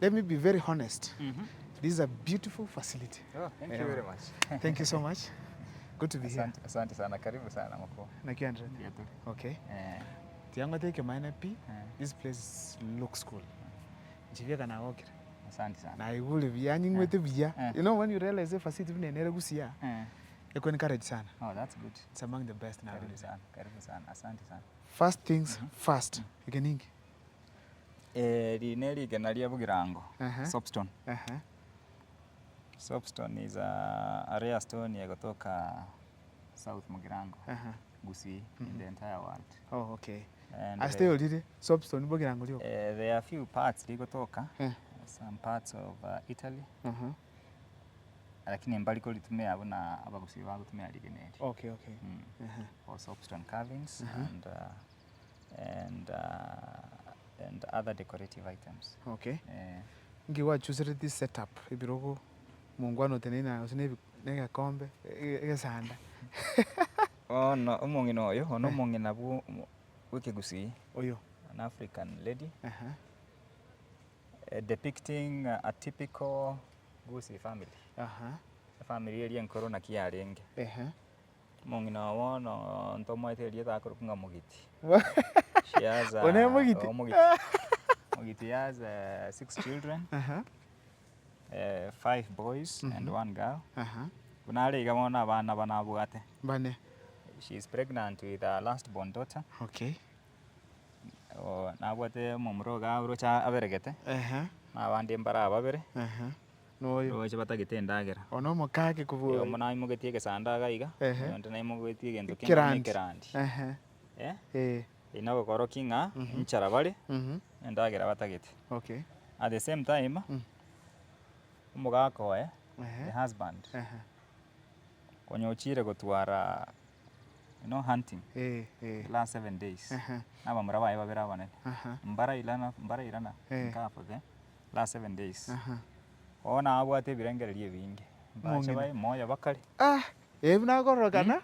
let me be very honest. Mm -hmm. This is a beautiful facility. Oh, thank yeah. you very much. thank you so much. Good to be asante, here. Asante sana. Karibu sana mko. Na kiandre. Yeah. Okay. Yeah. Tiango teke maina pi. Yeah. This place looks cool. Eh. Jivia kana okira. Asante sana. Na igule biyanyi eh. ngwete Yeah. You know when you realize the facility eh. ni nere gusia. Yeah. Iko encourage sana. Oh, that's good. It's among the best now. Karibu sana. Karibu sana. Asante sana. First things mm -hmm. first. Mm -hmm eri neliga nalyevugirango soapstone soapstone is a, a rare stone ya kutoka south mugirango gusi in mhm. the entire world oh okay and I ah, still eh, did soapstone bugirango lyo eh, there are few parts likotoka uh, eh. some parts of uh, Italy uh -huh. lakini mbaliko litumia abona abagusi bagutumia ligeneri okay okay mm. uh -huh. for soapstone carvings uh -huh. and uh, and uh, and other decorative items. Okay. Eh. Ngiwa chusire this setup ibiroko mungwano tenina usine nega kombe egesanda. E, oh no umungino oyo ono eh. mungina bu wiki gusi. Oyo. An African lady. Uh -huh. Uh, depicting a typical Gusii family. Uh -huh. A family eri enkoro na kiarenge. Uh -huh. Mungino wono ntomweterie takurukunga mugiti. Omugiti has oh, uh, six children uh -huh. uh, five boys mm -hmm. and one girl uh -huh. kunarigamo na bana banabwate bane she is pregnant with her last born daughter okay o oh, nabwate mumuro ga aberegete ehe uh-huh. na bandi mbara babere ehe uh-huh. noyo batagite ndagera ono oh, mukage kuvuga omo na imugetie gesandaga iga uh-huh. nonde na imugetie gento kinene kirandi ehe eh eh inagukorwo king'a mm -hmm. nchara bare mm batagete ndagira okay. at the same time mm. umugakoe uh the husband uh -huh. you know, hunting The last seven days nabamura baye babere abanene mbara ilana mbara ilana hey. nkapo the last seven days uh -huh. ona abwate birengererie binge bache baye moya bakali ah ebinagororokana mm.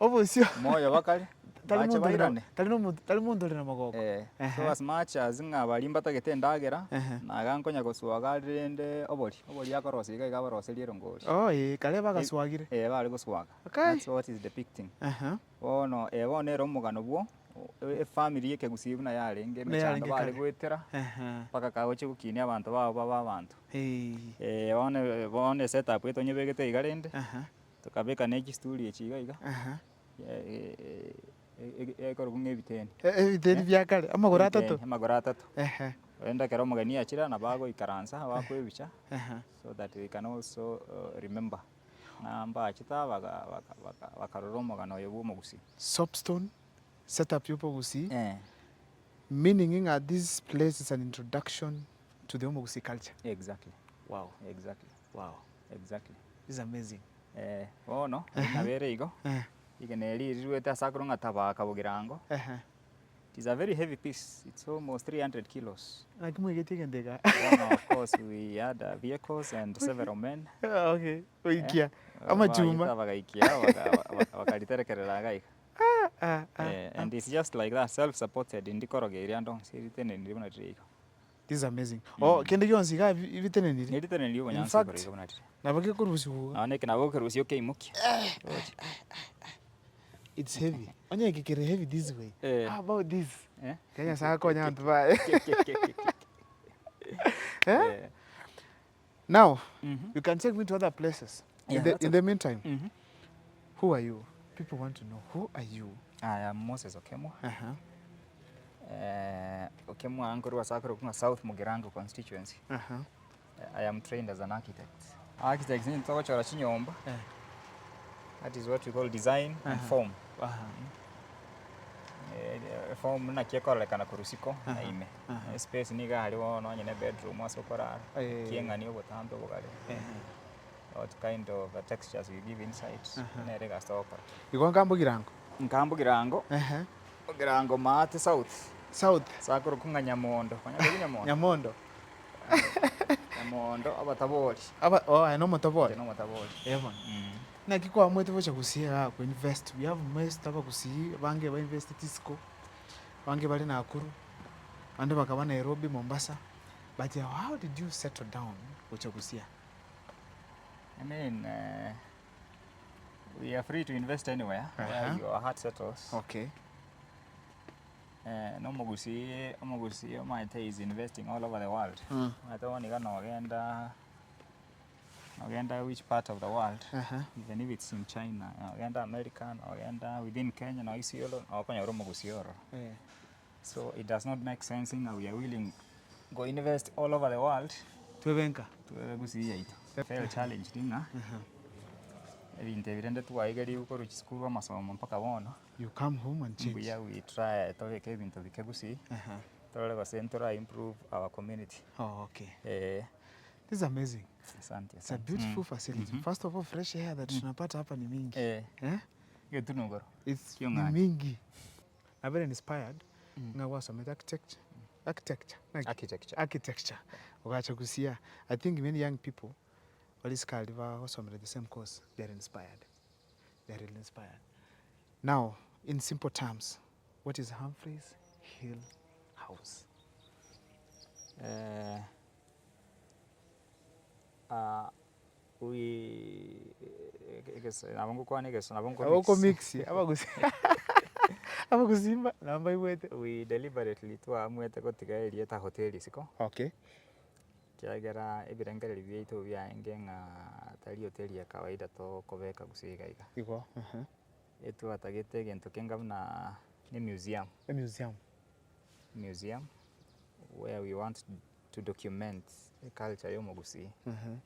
obusio moya bakali tali muntu lina magoko eh, so as much as ng'abarimba tagitindagera naga nkonya guswaga rinde obori obori iga gai gaboroserie erongori oh eh kale bagaswagire eh, eh bari guswaga that's what is depicting bono eh bono ero omugano bwo efamiri e ekegusibu nayo arenge emechando bare gwetera mpaka kagoche gokinia abanto babo baba abanto eh, bono bono esetup etonyebegete iga rende tukabeka na ekisturi echi iga iga ekoragwo ng'ebiteni e, e, ebiteni eh? bya kare amagoro atatũ amagoro atatũ enda kera omogeni achire na bagoikaransa bakwebicha so that they can also uh, remember namba achita bakarora omogana oyo bwa omogusi soapstone set up yobogusi eh. meaning at uh, this place is an introduction to the omogusi culture exactly wow exactly wow exactly this is amazing eh oh no nabere igo eh. Igene lirirwe ta sakuru ngataba kabugirango. It is a very heavy piece. It's almost 300 kilos. Akimwe ah, getigendeka. Of course we had uh, vehicles and several men. Ah, okay. Eh? Oikia. Ama chuma. And it's just like that self-supported indikorogeria ndo siritene ndiribona tiriko. This is amazing. Mm. Oh, kende yonzi ga ibitene ndiri. Nditene ndiri bonyansi kore ibona tiriko. Nabake kurusi huwa. Aneke nabake kurusi okay mukia. Eh, it's heavy. Onye kikiri heavy this way. Eh. How about this? Eh? Kenya sako nya tuvae. Eh? Now, mm -hmm. you can take me to other places. Yeah, in the, in the meantime, mm -hmm. who are you? People want to know who are you? Ah, I am Moses Okemwa. Uh-huh. Uh, Okemwa Angorwa Sakura kuma South Mugirango constituency. Uh-huh. Eh, I am trained as an architect. Architects ni ntokochora chinyomba. Uh-huh. That is what we call design uh -huh. and uh-huh. form. Uh form nakio ekorekana kå ruciko na eh, space niga harä o nyene bedroom acio korara eh. kieng'ani å gå tambe what kind of textures you give insights nere gastoka iko ngambo girango ngambo girango ehe south south sakuru nyamondo kwanyago nyamondo nyamondo nyamondo abatabori aba oh no motabori no motabori na nakiko amwe tivocha kusiya invest we have mwesi tava kusiyi vange vainvesti tisco vange vali nakuru vandu vakava nairobi mombasa but yeah, how did you settle down kucha kusia I mean, uh, we are free to invest anywhere uh -huh. where uh-huh. your heart settles. Okay. Uh, nomugusiye omugusiye omaite is investing all over the world maite mm. wonigana ogenda Ogenda which part of the world uh -huh. even if it's in China ogenda America ogenda within Kenya na isiolo na wakanya romo kusioro yeah. so it does not make sense in we are willing go invest all over the world twebenka twebe kusiya ito fair challenge dinga uh mpaka you come home and change we we try tobeke bike uh -huh. improve our community oh okay eh this is amazing It's a beautiful mm. facility. Mm -hmm. First of all, fresh air that mm. tunapata hapa ni mingi. Eh. Eh? It's ni mingi. I'm very inspired mm. nga wasome architecture. Architecture. Architecture. Architecture. Ukachagusia. I think many young people walisikali va wasomere the same course. They are inspired. They are really inspired. Now, in simple terms, what is Humphreys Hill House? Uh, Eh, eh, eh, abongokonekesonabongokomix abakusimba namba ibwete we deliberately twamwete gotiga eria ta hoteli siko okay kiagera ebirengereri byaitu byaenge ng'a tari hoteli ya kawaida to kobeka gusigaiga igo uh -huh. etwatagite ni museum a museum museum where we want to document the culture yomogusi mm -hmm.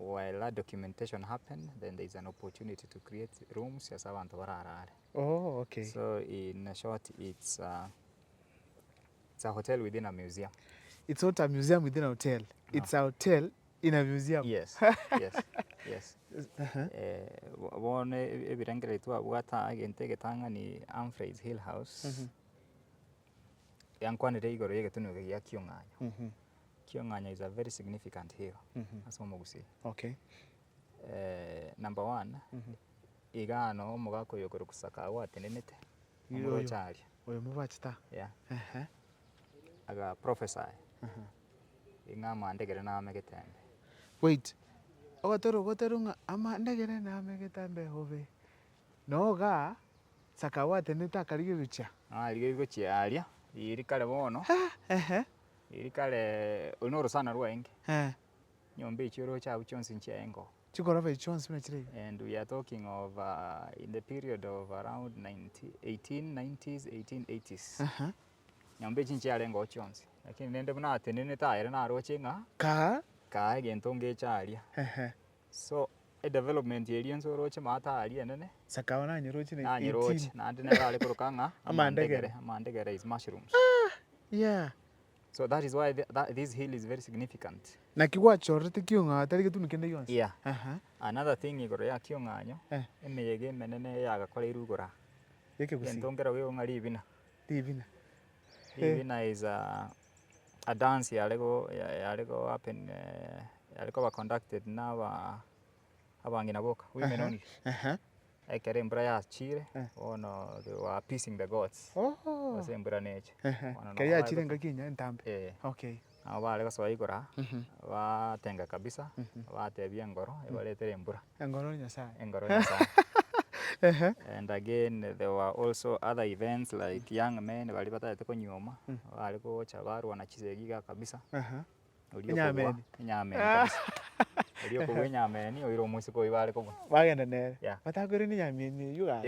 uh, while that documentation happen then there is an opportunity to create rooms yas abantu bararare oh okay so in short it's uh, it's a hotel within a museum it's not a museum within a hotel no. it's a hotel in a museum yes yes yes boone ebirengereitwa bwata agente getang'ani Humphreys Hill House mm -hmm yankwanire igoro ye gitunio gia kiong'anyo mm -hmm. kiong'anyo is a very significant hill mm -hmm. asa omogusi okay eh, number one mm -hmm. igano omogakuyogora kusaka watenenete omorocharia oyo mobachita yeah aga prophesy uh -huh. name getembe wait ogotoro gotero ng'a ama getembe hobe noga saka watenete akarigeruchia ah, arigerigochia aria ilikale bono ilikale onoro sana rwaenge nyomba echioroho chau chionsi nchiengo chikorova ichionsi buna chiri and we are talking of uh, in the period of around 1890s 1880s uh -huh. nyomba echi nchiarengaho chionsi lakini nende buna atenene taere narwo ching'a kaa kaa egento ngecharia alia -huh. so e development ye area so roche mata aria nene sakawa na nyiroche na na nyiroche na ndine rale kurukanga amandegere amandegere is mushrooms ah yeah so that is why the, that, this hill is very significant na kiwa te kiunga tari gitu nkende yonse yeah aha uh -huh. another thing igoro ya kiunga nyo eh. emeyege menene yaga kore irugura yeke gusi ndongera we onga libina libina libina eh. is a a dance ya lego ya lego happen eh, ya lego ba conducted na ba abange naboka wimenoni eh. uh -huh. ekere mbura yachire ono they were appeasing the gods oh. ase mbura neche uh -huh. kari yachire ngakinya entambe eh. okay nabo barega swayi kora batenga mhm. kabisa batebia mhm. engoro ebaretera mhm. embura engoro nyasaye engoro eh, nyasaye Uh -huh. And again there were also other events like young men bali batayete konyoma mm. bali gocha barwana chisegi ga kabisa uh -huh. nyameni nyameni ah rio kå nyame ni å irwo må cikå iwarä kå wagenda nere matangä rä nä nyamieni yuga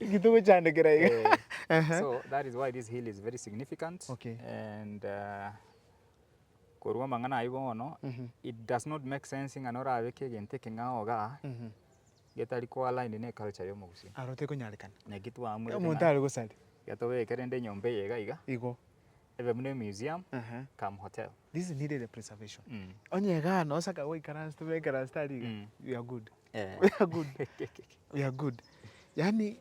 gitå gå canä kä so that is why this hill is very significant okay. and uh, mang'ana ibono mm -hmm. it does not make sense ng'ano rawe kä gä ntä kä ng'ao ga mm -hmm getari kwa line ne culture yomugusi arote kunyarikana na gitu amwe muntari gusari gatobekere nyombe yega iga igo ebemune museum uh -huh. come hotel this is needed a preservation mm. onyega no saka we kana stume kana study mm. we are good yeah. we are good we are good yani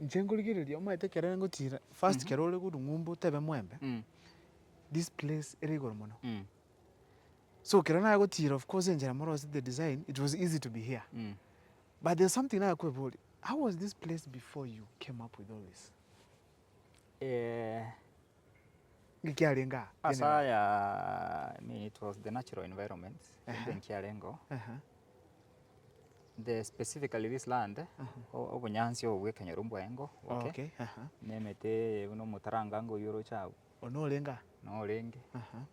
njengo ligiriria umaite kerere ngutira first mm -hmm. kerore gudu ngumbu tebe mwembe mm. this place erigor mono mm. so kero na gutira of course njera was the design it was easy to be here mm. but there's something na kwebuli how was this place before you came up with all this eh uh, Nkialenga hasa ah, ya I it was the natural environment uh uh-huh. -huh. Nkialengo uh -huh. the specifically this land uh-huh. obunyansi rumbwa engo okay oh, uh-huh. nemete uno mutaranga ngo yoro chao onolenga nolenge eh,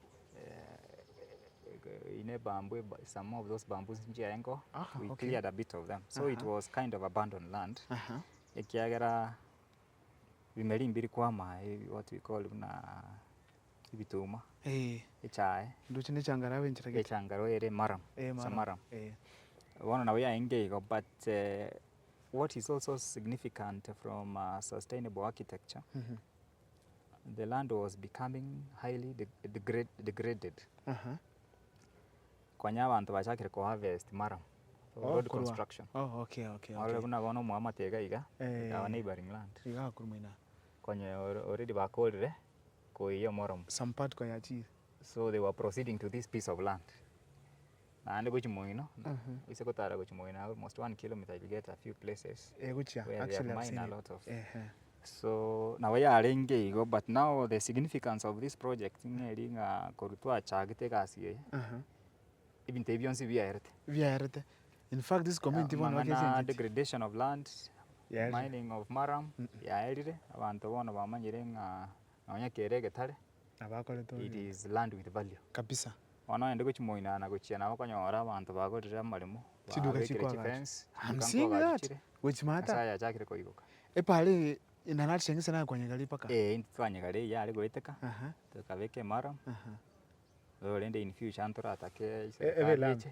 in a bamboo, some of those bamboos in Jiaengo, ah, we okay. cleared a bit of them. So uh -huh. it was kind of abandoned land. Uh -huh. Ekiagera bimeri mbiri kwama eh, what we call na ibituma ibituuma eh. echaye ni changarawe nchirage echangarawe were maram samaram e e. wona nawe yaingeiko but uh, what is also significant from uh, sustainable architecture mm -hmm. the land was becoming highly de degraded uh -huh. kwanya bantu bachakire ku harvest maram oh, road construction oh, okay, okay, okay. kuna bono mwamatega iga eh, our neighboring land iga kurumina kwanya already bakolire koiyo morom sampad koya chi so they were proceeding to this piece of land naande kuchimoino uh-huh. ise kotara kuchimoino almost one kilometer you get a few places eh, which where actually they have mined a lot of uh-huh. so nawayaarenge igo but now the significance of this project ing'eringa korutwa achagite kasi eye uh-huh. ibinto ebionsi biaerete biaerete in fact this community yeah, mana degradation of land yeah, mining of maram mm -mm. yaerire abantu bono bamanyire ng'a nonya kere getare abakoretwo it is land with value kabisa ona ende gochimoina na gochia nabo konyora abanto bagorire amarimo yachakire koigoka epare nanarisheng'ise nakwanyegaria mpaka e, eh, twanyegare ya ari goeteka uh -huh. tukabeka emaram uh -huh lolende in future antoro atake evelange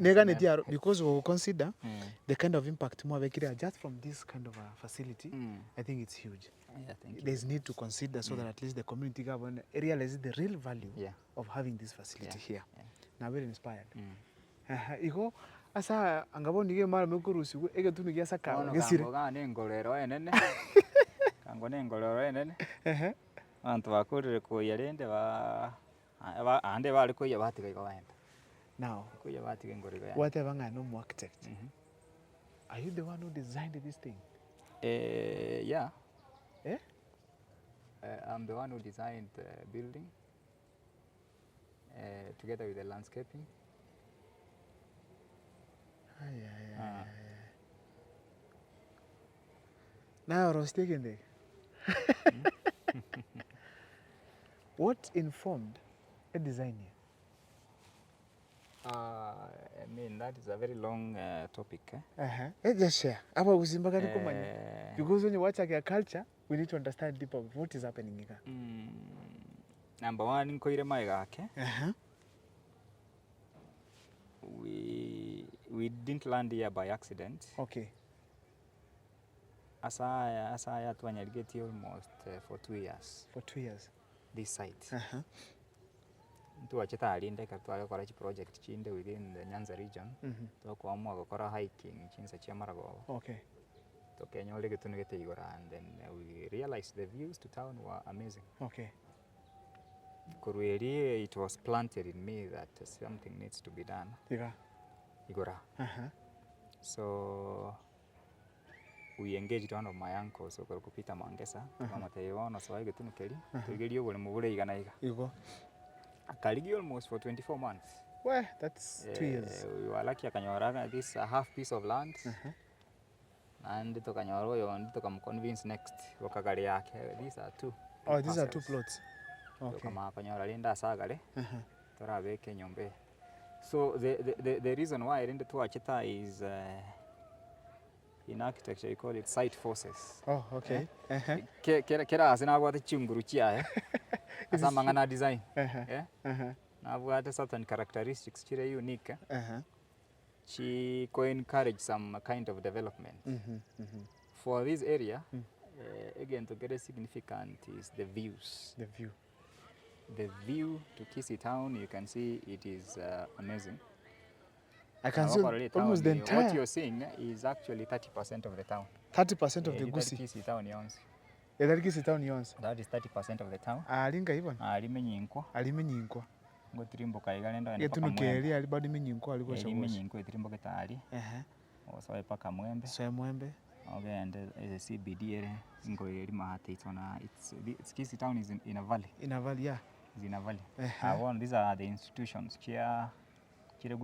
neganeti aro because we consider mm. the kind of impact mwavekirea just from this kind of a uh, facility mm. i think it's huge yeah, there's need to consider so mm. that at least the community government realizes the real value yeah. of having this facility yeah. here yeah. na very inspired mm. iko asa angabonige mara mekurusiwe egetundu giasakao gesire kango nengorero enene kango nengorero enene bantu bakurire kuya rindi ande bari kuya batiga igo baenda now kuya batiga ingorigo yaenda whatever ng'ana no architect mm -hmm. are you the one who designed this thing eh uh, yeah eh uh, I'm the one who designed the building uh, together with the landscaping ay, ay, ay, ah. ay. Now, Rostikende. mm? What informed a design here? Uh, I mean, that is a very long uh, topic. Eh? Uh-huh. Hey, eh, just share. Aba uzimbagani uh, eh. kumanye. Because when you watch like, a culture, we need to understand deeper what is happening here. Mm, number one, nko ile mai gake. Uh-huh. We we didn't land here by accident. Okay. Asaya asaya twanyarigetie almost uh, for two years. For two years this site uh -huh. ntu achita alinde katwale kora chi project chinde within the Nyanza region mm -hmm. to kwamwa gukora hiking chinsa chia maragoba okay to kenya ole gitu nigete igora and then we realized the views to town were amazing okay kurweli it was planted in me that something needs to be done yeah igora uh -huh. so uyengeji engaged mayanko so kwa kupita mangesa kwa mate wona so aige tunu keri tugerio gole mubure igana iga igo akarigi almost for 24 months well that's yeah, 2 years we were lucky akanyora this a half piece of land uh -huh. and tukanyora uyo and tukamconvince next wakagari yake these are two oh these are two plots okay kama akanyora linda sagale uh -huh. beke nyombe so the, the the the reason why i didn't touch it is uh, in architecture you call it site forces oh okay eh? uh-huh. kera kera chunguru asinabwate chinguru chiaye eh? asamangana design uh-huh. Eh? Uh-huh. na nabwate certain characteristics chire unique chi ko encourage some kind of development mm -hmm, mm -hmm. for this area mm. uh, again to get a significant is the views the view the view to kisi town you can see it is uh, amazing I can see almost the entire. What you're seeing is actually 30% of the town. 30% of eh, the Gusii. Gusii town yonse. Ethari Gusii town yonse. That is 30% of the town. Alinga ah, hivyo. Alimenyinkwa. Ah, Alimenyinkwa. Ngo tirimboka igalenda ene paka Yetu ali bado menyinkwa aliko shawo. Alimenyinkwa tirimboka tali. Eh. Osawe oh, e paka mwembe. Sawe mwembe. Okay, and the eh, eh, CBD ere ngo eri mahate it's it's it's town is in, in a valley. In a valley, yeah. It's in a valley. Uh -huh. uh, well, these are the institutions. Chia, Kire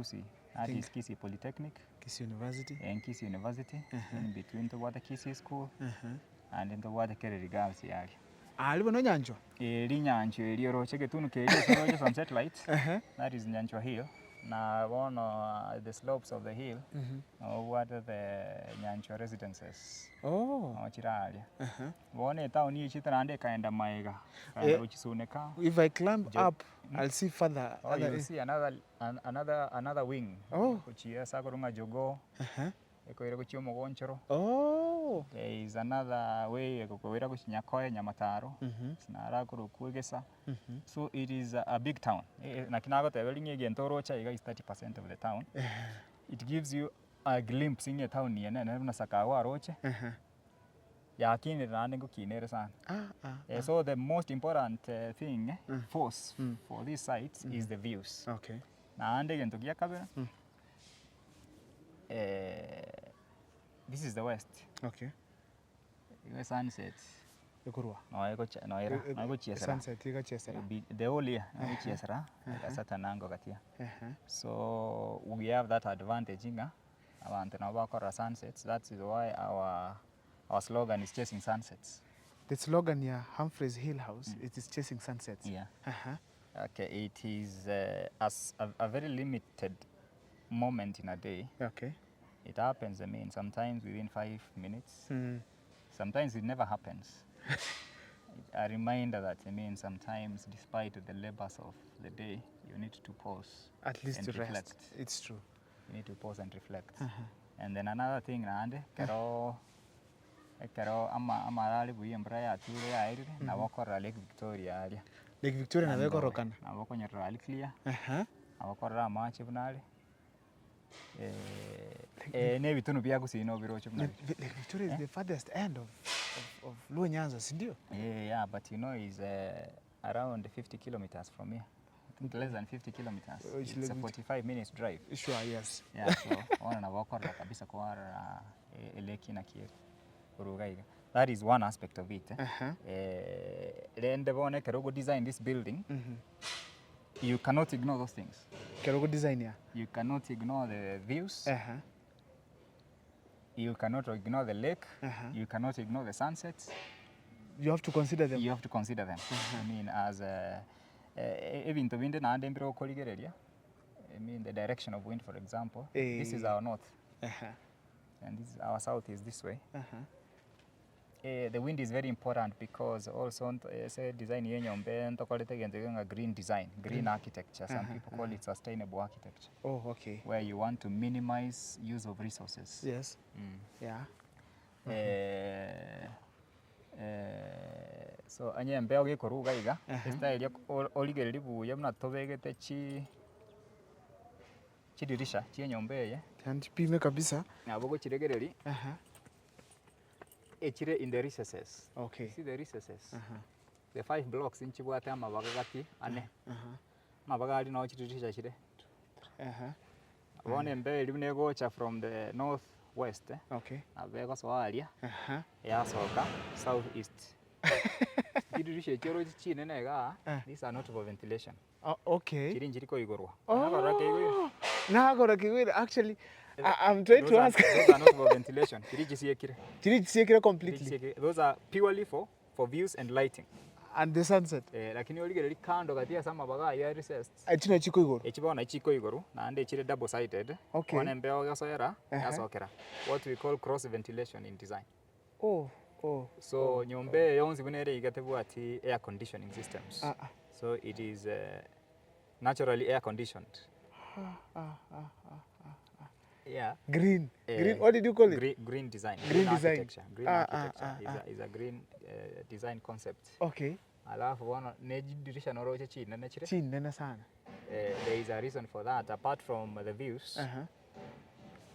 That is Kisi Polytechnic, Kisi University, and Kisi University, uh -huh. in between the water Kisi School, uh -huh. and in the water Kerere Girls yali. Ah, no nyanjo? Eh, li nyanjo, li oroche getunu ke li oroche from satellite. Uh -huh. That is nyanjo hiyo na wono uh, the slopes of the hill mm -hmm. uh, what are the nyancho residences oh ochiralia uh -huh. wone town yi e chitrande kaenda maiga eh, kaenda uchisuneka if i climb Jok. up hmm? i'll see further oh, other you'll see another an, another another wing oh uchiesa kurunga jogo uh -huh ekoera guchia omogonchoro oh. there is another way ekokoera guchinya koe nyamataro mm -hmm. sinara kurukwegesa mm so it is a, a big town eh, eh, na e, nakinagoteberi ng'a gento rocha iga is 30% of the town eh. it gives you a glimpse ng'a etown yene nere nasaka waroche uh -huh. yakinire naende ngokinere sana ah, ah, yeah, ah. so the most important uh, thing mm. force mm. for these sites mm. is the views okay. naende egento gia kabere mm. eh, This is the west. Okay. the sunset. Ikurwa. No, iko cha, no era. No iko chiesera. Sunset iko chiesera. The whole year iko uh-huh. chiesera. Kasata uh-huh. nango katia. Uh-huh. So we have that advantage inga. Abantu na bakora sunsets. That is why our our slogan is chasing sunsets. The slogan ya Humphreys Hill House mm. it is chasing sunsets. Yeah. Uh -huh. Okay, it is uh, as a, a very limited moment in a day. Okay it happens i mean sometimes within five minutes mm. sometimes it never happens a reminder that i mean sometimes despite the labors of the day you need to pause at least and to reflect rest. it's true you need to pause and reflect uh -huh. and then another thing nande uh-huh. kero ekero ama amarari buya mbura yatuire yairire mm -hmm. nabokorera lake victoria aria lake victoria nabekorokana nabokonyorera clear. uh -huh. abokorera amache bunare Eh, eh ne bitunu bya gusino birocho mna Victoria is the farthest end of of, of Luo Nyanza si ndio? Yeah, yeah, but you know is uh, around 50 kilometers from here. less than 50 kilometers. Which oh, It's a 45 minutes drive. Sure, yes. Yeah, so ona na wakora kabisa kwa eh, eleki na kier urugaiga. That is one aspect of it. Eh? Uh -huh. Eh, then they want to design this building. Mm -hmm. You cannot ignore those things kirogo design ya you cannot ignore the views uh -huh. you cannot ignore the lake uh -huh. you cannot ignore the sunsets you have to consider them you have to consider them uh -huh. I mean as uh, ebintu eh, bindi nandi mbira okorigereria I mean the direction of wind for example hey. this is eh. our north uh -huh. and this, our south is this way uh -huh eh, the wind is very important because also uh, say design yenye mbe ntokorete genze green design green mm. architecture some uh -huh, people uh-huh. call uh -huh. it sustainable architecture oh okay where you want to minimize use of resources yes mm. yeah uh -huh. eh, uh, so anye mbe ogikoruga iga uh-huh. style -huh. style origereri buye tobegete chi chidirisha chienye mbe ye kandi pime kabisa nabogo chiregereri uh -huh echire in the recesses okay. see the recesses uh -huh. the five blocks nchibwate amabaga gati ane uh -huh. Uh-huh. no chitirisha chire uh -huh. abone embe from the north west eh? okay. abegosoaria uh-huh. uh -huh. yasoka south east chitirisha echero chichinene iga these are not for ventilation oh, okay. chiri nchiriko igorwa oh. nagora kigwira actually I'm trying to ask. Those are not for ventilation. Kiriji siye kire. Kiriji completely. Those are purely for, for views and lighting. And the sunset. Eh, lakini oligere li kando katia sama baga ya recessed. Ah, na chiko igoro. Echibona chiko igoro na ande chire double sided. Okay. One ya mbeo uh-huh. Ya yasokera. What we call cross ventilation in design. Oh. Oh. So oh. nyombe oh. yonzi bunere igatebwa ati air conditioning systems. Ah, ah. So it is uh, naturally air conditioned. Ah, ah, ah, ah yeah. green uh, green what did you call it green, green design green, green design architecture. green ah, ah architecture ah, ah, is, ah. a, is a green uh, design concept okay alafu wana nejidirisha noroche chini nene chile chini nene sana uh, there is a reason for that apart from the views uh -huh.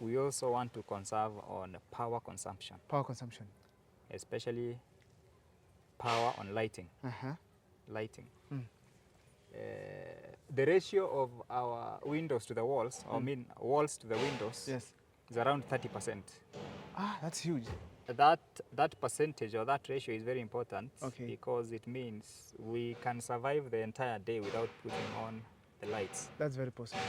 we also want to conserve on power consumption power consumption especially power on lighting uh -huh. lighting mm. uh, the ratio of our windows to the walls, mm. I mean walls to the windows, yes. is around 30%. Ah, that's huge. That, that percentage or that ratio is very important okay. because it means we can survive the entire day without putting on the lights. That's very possible.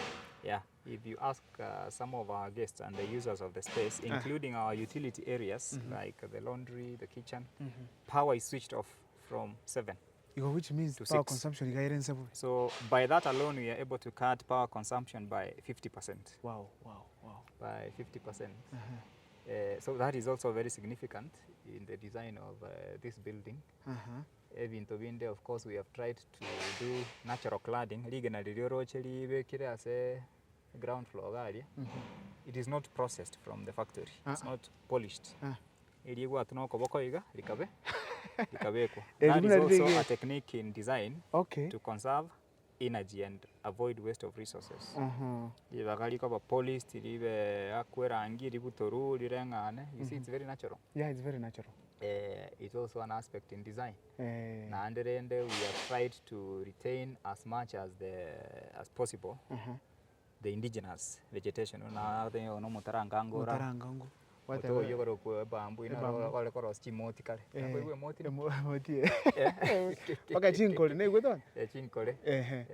Yeah, if you ask uh, some of our guests and the users of the space, ah. including ah. our utility areas mm -hmm. like the laundry, the kitchen, mm -hmm. power is switched off from 7. which means to power six. consumption guidance. So by that alone we are able to cut power consumption by 50%. Wow, wow, wow. By 50%. Uh-huh. Uh, so that is also very significant in the design of uh, this building. Uh-huh. Even Tobinde, of course, we have tried to do natural cladding. Ligena liliorocheli ibekire as a ground floor gari. Mm-hmm. It is not processed from the factory. Uh -uh. It's ah. not polished. Uh -huh. Ah. Iliegwa tunoko likabe. likawekwa. Eh, That is also a technique in design okay. to conserve energy and avoid waste of resources uh -huh. livaga likoba polished akwe rangi libutoru lireng'ane you see it's mm-hmm. very natural yeah it's very natural uh, it's also an aspect in design uh na anderende we have tried to retain as much as the as possible uh -huh. the indigenous vegetation uh -huh. na the onomutaranga ngora mutuuyu korwa kueba mbu ina ole korwa oschimoti kare nabo eh. igo emoti emoti mpaka chinkore naigwetwa yeah, chinkore eh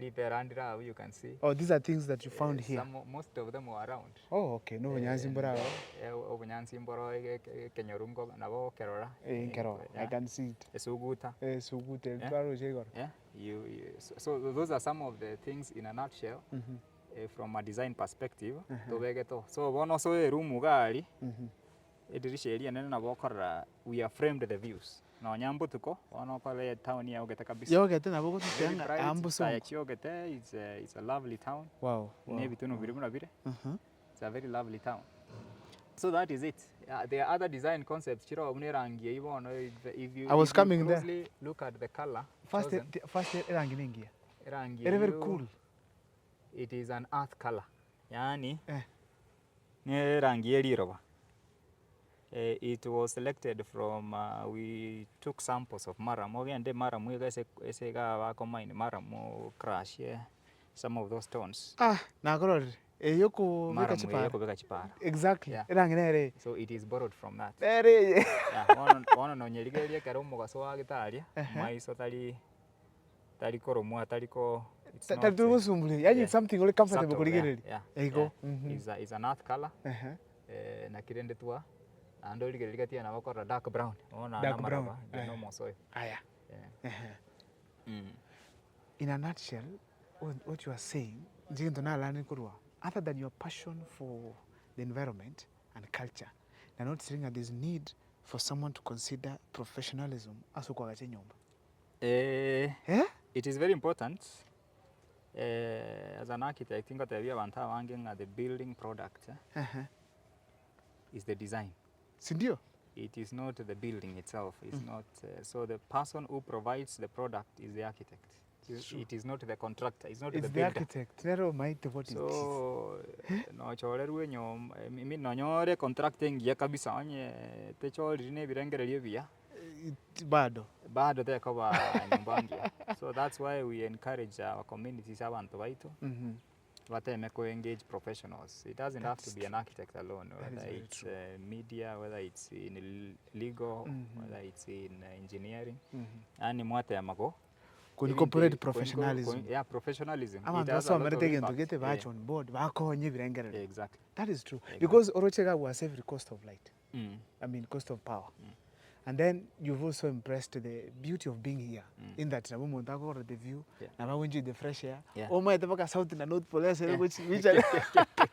ripera ndira how you can see oh these are things that you eh, found here some, most of them were around oh okay no bunyanzi eh, mbora obunyanzi mboro kenyorungo nabo kerora eh kerora i can see it esuguta esuguta twaro jegor yeah you, you so, so those are some of the things in a nutshell mm -hmm uh, from a design perspective mhm. tubegeto so bono so erumu gari idirisha mhm. eria nene na bokorera we are framed the views no nyambutuko ono kore town ya ogete kabisa yogete na bogo tutenga so ya kiogete it's a, it's a lovely town wow, wow. ne bituno birimu na bire mhm. it's a very lovely town so that is it uh, there are other design concepts chiro mune rangi ibono if you I was coming there look at the color first chosen. first rangi ningia rangi very very cool it is an earth color, yani eh, ni rangi yeliroba eh, it was selected from uh, we took samples of maram ogende maram ese iga esega bakomaine maram crash yeah, some of those stones ah eh, yoku eyokubeka chipara eh, yoku chipara exactly yeah. erangi nere so it is borrowed from that nere wonononyerigererie kero omogaso wa gitaria maiso tari tari koromwa tariko tatiruhusumbuli yaani something uli comfortable kuligereria ego is a is an earth color uh-huh. eh na kirende tua ando na wakora dark brown ona na uh-huh. no aya uh-huh. mm in a nutshell what you are saying na lani kurwa other than your passion for the environment and culture na not saying that there's need for someone to consider professionalism as nyumba eh yeah? it is very important Uh, as an architect ingatebia bantu abange the building product eh? uh -huh. is the design sindio it is not the building itself it's mm. not uh, so the person who provides the product is the architect Sure. it is not the contractor it's not it's the, the architect nero maite what so, it is so eh, nochorerwe nyom mi nonyore contracting ya kabisa onye techorire liye vya bado bado thekova nyumbangia so that's why we encourage our communities abantu baito mm -hmm. bateme ku engage professionals it doesn't that's have to be an architect alone whether it's uh, media whether it's in legal mm -hmm. whether it's in uh, engineering mm -hmm. ani mwatema go professionalism yeah professionalism on board exactly that is true because orocheka was every cost of light mm. i mean cost of power mm and then you've also impressed the beauty of being here mm. in that nabu montako or the view yeah. nabawenje the fresh air yeah. omaete paka south na north pole eh, which which